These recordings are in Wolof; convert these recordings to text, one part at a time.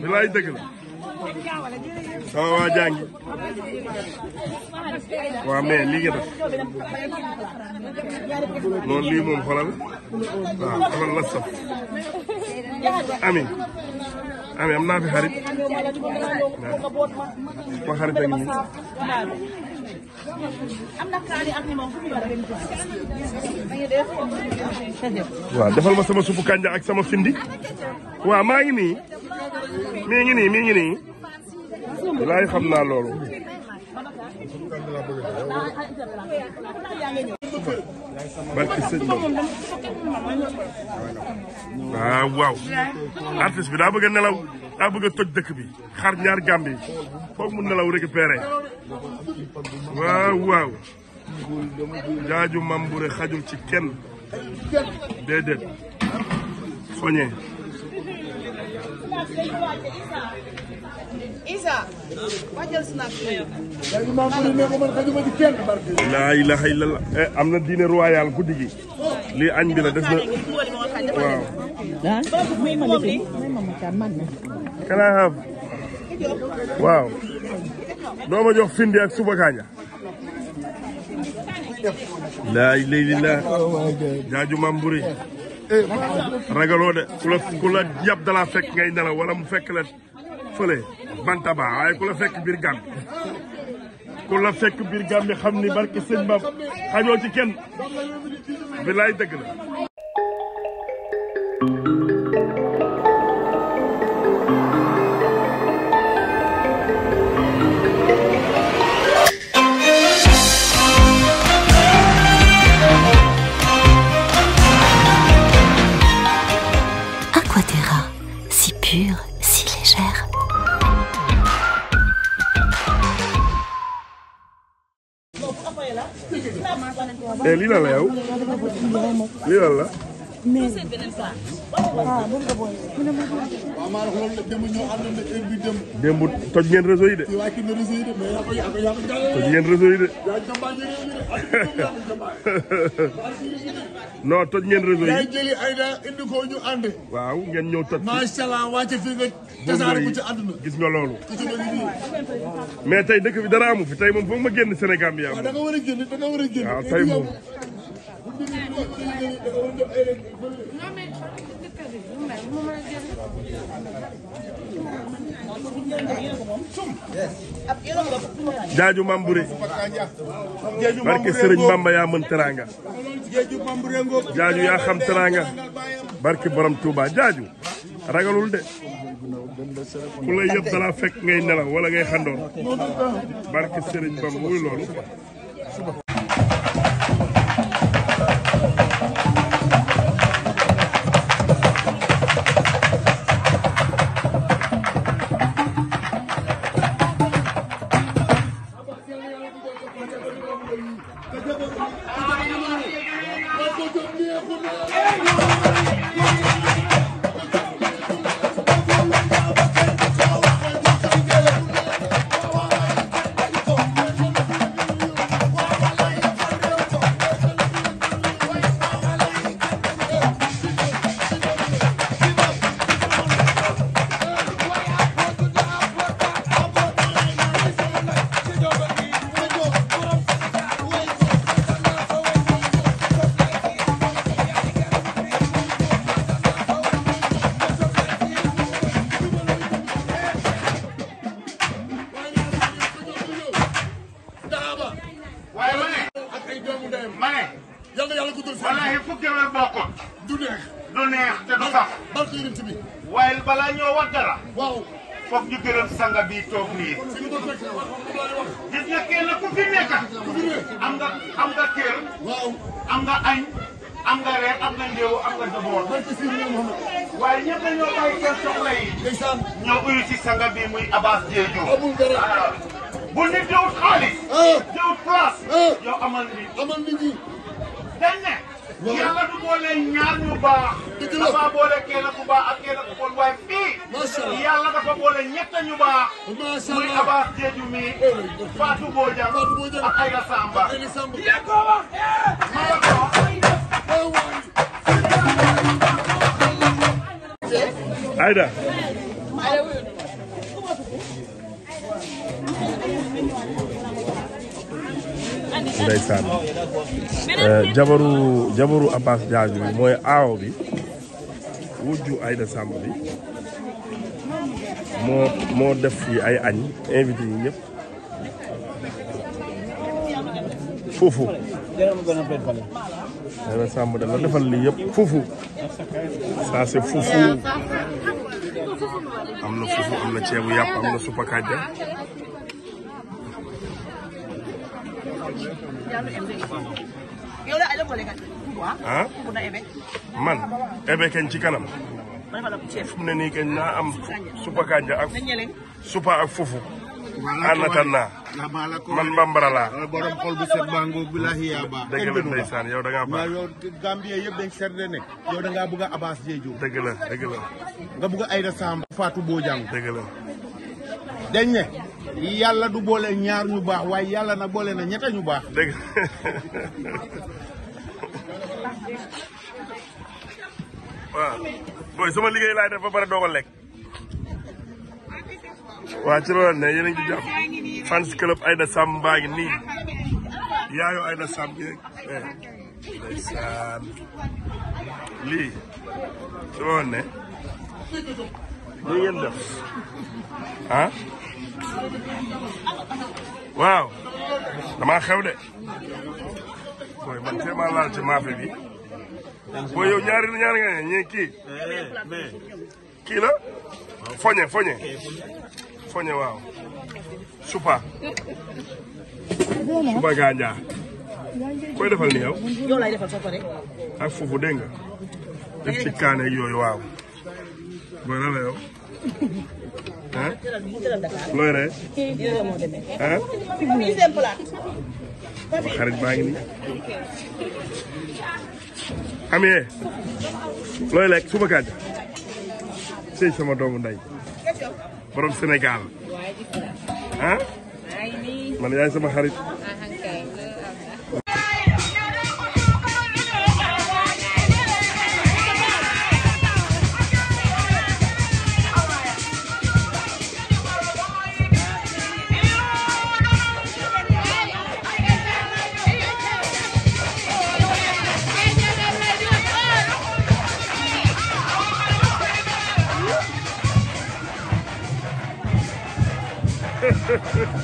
bilaay dëgg la sama waa jàngi lii nga def lii moom xolal waaw xolal la saf ami ami naa fi xarit ma xarit ak ñi defal ma sama suppu kànja ak sama findi waaw maa ngi mii ngi nii mii ngi xam naa loolu barki sëñ bi ah, waaw waaw bi daa bëgg a nelaw daa bëgg toj dëkk bi xar ñaar Gàmbi foog mu nelaw récupéré waaw waaw jaaju Mame xajul ci kenn déedéet foñe Isa wàccal laa ilaha illallah eh, am na dîner royal guddi gi lii añ bi def na waaw waaw doo jox findi ak suba kaña laa ilaha jaaju Mame ragaloo de ku la ku la fekk ngay nelaw wala mu fekk la fële bantaba waaye ku la fekk biir ku la fekk biir xam ni barke sëñ Ba kenn bi laay lii lan la yow lii la mais waaw maa ngi wax loolu ñoo àndoon na heure toj ngeen réseau yi de. toj ngeen réseau yi de. toj ngeen réseau yi. yaa jëli Aïda indi ngeen ñëw toj. macha allah wàcc fii nga tasaare ko ci gis nga loolu. mais tey dëkk bi dara amu fi tey moom ma génn Sénégal yaa. waaw da nga war a génn da nga war a génn. waaw tey moom. jaaju mamburi, barke Serigne Bamba ya mën teranga jaaju yaa xam teranga barke borom Touba jaaju ragalul de ku lay yëpp dala fekk ngay nelaw wala ngay xandoon barke Serigne Bamba muy wallaahi fukki weer bokkoon. du neex. du neex te du sax. barke yonent bi. waaye balaa ñoo wax waaw foog ñu gërëm sanga bi toog nii. gis nga kenn ku fi nekk. am nga am nga kër. waaw am nga añ. am nga reer am nga ndéew am nga njaboot. waaye ñëpp dañoo bàyyi seen soxla yi. ñoo uyu ci sanga bi muy Abass Dieng ah. bu nit jëwut xaalis. jëwut ah. place. Ah. yow amal nit. amal nit ñi. dañ yàlla du boole ñaar ñu baax. dëgg la dafa boole kenn ku baax ak kenn ku bon waaye fii. yàlla dafa boole ñett ñu baax. macha allah muy Abass Diédhiou mi. Oh, Fatou Bodian ak Aïda Samba. yéen koo wax. maa ko wax. Eh! Aïda. ndeysaan oh, euh, jabaru jabaru Abbas Diagne bi mooy aaw bi wujju de Samb bi moo moo def fii ay añ invité yi ñëpp fuufu Aïda Samb da la defal lii yëpp fuufu ça c'est fuufu am na fuufu am na ceebu yàpp am na suppa kàjja ah man ebe ci kanam fu mu ne am supa kanja ak supa ak fufu man bambara laa borom xol bu set bango billahi ya ba dëgg la ndeysaan yow da ngaa baax yow da ngaa bëgg a Abass nga bëgg a Aïda Samb ne yalla du bolé ñaar ñu baax way yalla na bolé na ñeta ñu baax. deug wa boy sama liggéey lay def ba pare dogal lek wa ci loolu né yéen ngi ci jàpp fans club ayda Samb baa ni yaayo ayda Aïda Samb li eh, ndeysaan né ñu loolu ha waaw damaa xew de booy man téemaa laal ci maafe bi booy yow ñaari ñaari nga ñe kii kii la foñe foñe foñe waaw supa supa ganja koy defal ni yow ak foofu dégg def ci kaane yooyu waaw booy la ah looy ree. ah. ma lekk suba kàjj. sëy sama doomu nday borom Sénégal ah man yaay sama xarit. Ha ha ha!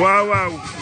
Wow, wow.